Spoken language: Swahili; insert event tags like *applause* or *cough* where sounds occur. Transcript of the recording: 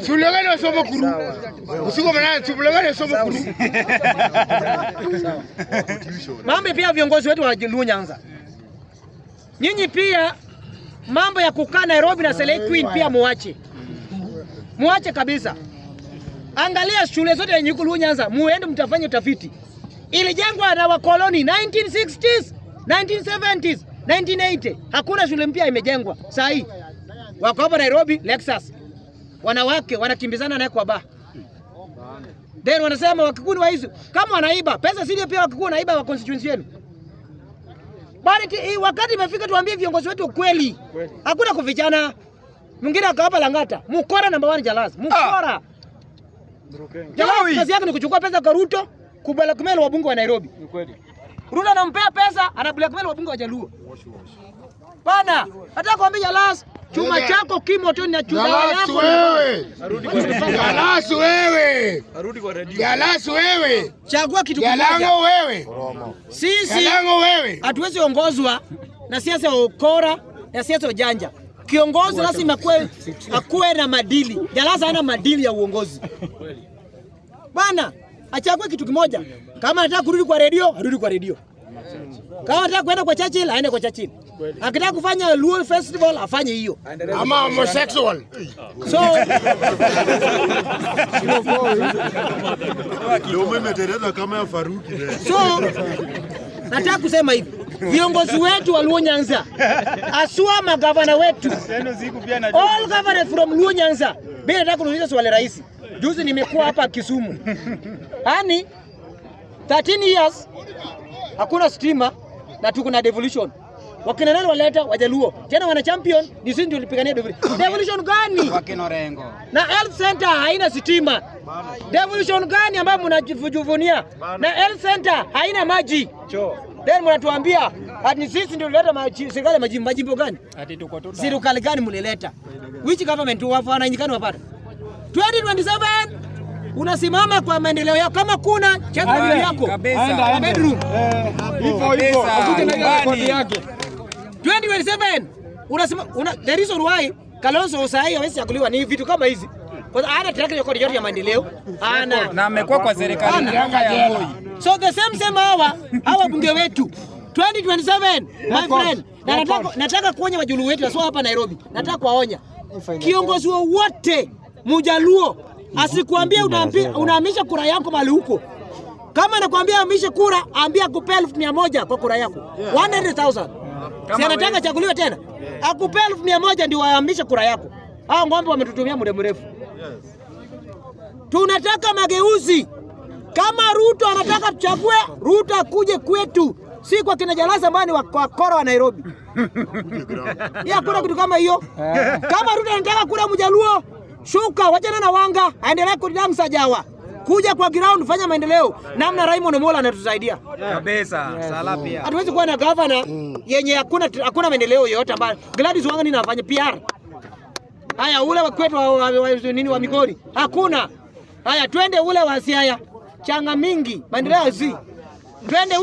Sulogane wasoma kuru. Usiku manana sulogane wasoma kuru. *laughs* Mambo pia viongozi wetu wa Luo Nyanza. Nyinyi pia mambo ya kukaa Nairobi na Selei Queen pia muache. Muache kabisa. Angalia shule zote yenye Luo Nyanza, muende mtafanye utafiti. Ilijengwa na wakoloni 1960s, 1970s, 1980. Hakuna shule mpya imejengwa. Sahi. hii wako hapa Nairobi Lexus wanawake wanakimbizana naye kwa ba then wanasema wa hizo kama wanaiba pesa zile, pia wakikuni wanaiba wa constituency yenu. Bali wakati imefika tuambie viongozi wetu kweli, hakuna kuvijana Mwingine akawapa Langata, mkora namba 1 Jalas, mkora ah! Jalas, kazi yake ni kuchukua pesa kwa Ruto, kubala kumela wabunge wa Nairobi. Ni kweli. Ruto anampea pesa, ana blackmail wabunge wa Jaluo. Bana, nataka kuambia Jalas, chuma chako kimo tu na chuma yako. Wewe. Jalas wewe. Arudi kwa wewe. Chagua kitu kimoja. Jalango wewe. Sisi hatuwezi ongozwa na siasa ya ukora na siasa ya ujanja. Kiongozi lazima *laughs* akuwe na madili. Jalas ana madili ya uongozi. Bana, achague kitu kimoja. Kama anataka kurudi kwa redio, arudi kwa redio. Kama anataka kwenda kwa Churchill, aende kwa Churchill. Akitaka kufanya Luo Festival, afanye hiyo. Ama homosexual. So So nataka kusema hivi. Viongozi wetu wa Luo Nyanza, asua magavana wetu. All governors from Luo Nyanza mimi nataka kuuliza swali rahisi. Juzi nimekuwa hapa Kisumu, yaani 13 years hakuna stima na tuko na devolution. Wakina nani waleta Wajaluo tena wana champion, ni sisi ndio tulipigania devolution. Devolution gani? Wakina Rengo na health center haina stima. Devolution gani ambayo mnajivunia? Na health center haina maji choo then mnatuambia ati sisi ndio tuleta serikali majimbo. Majimbo gani? Ati tuko tuta. serikali gani mlileta? Which government? Wananchi gani wapata? 2027 unasimama kwa maendeleo yako, kama kuna cheza yako Aenda bedroom eh, Ipo ipo. akuje na kodi yake 2027 unasimama una, there is why Kalonzo sahi hawezi kuliwa ni vitu kama hizi, kwa sababu ana track record yote ya maendeleo ana na amekuwa kwa serikali ya Moi So the same same hawa hawa bunge wetu 2027 my friend, na nataka nataka kuonya wajulu wetu wasio hapa Nairobi, nataka kuwaonya kiongozi wowote Mujaluo asikuambie unahamisha kura yako mali huko. Kama nakwambia hamisha kura, ambia akupee elfu mia moja kwa kura yako 100,000. Si anataka chaguliwe tena, akupea elfu mia moja ndio kura yako. Hao ng'ombe wametutumia muda mrefu. Tunataka mageuzi. Kama Ruto anataka tuchague, Ruto akuje kwetu, si kwa kina Jalasa ambaye ni wakora wa Nairobi. *laughs* Yeye hakuna kitu kama hiyo. Kama Ruto anataka kura Mjaluo, shuka, wajana na wanga, aendelee kudamsa sajawa kuja kwa ground fanya maendeleo namna Raymond Mola anatusaidia kabisa. Sala pia hatuwezi kuwa na governor yenye hakuna hakuna maendeleo yoyote ambayo Gladys Wanga nini anafanya PR. Haya, ule wa kwetu wa, wa, wa, nini wa Migori hakuna. Haya, twende ule wa Siaya changa mingi zi twende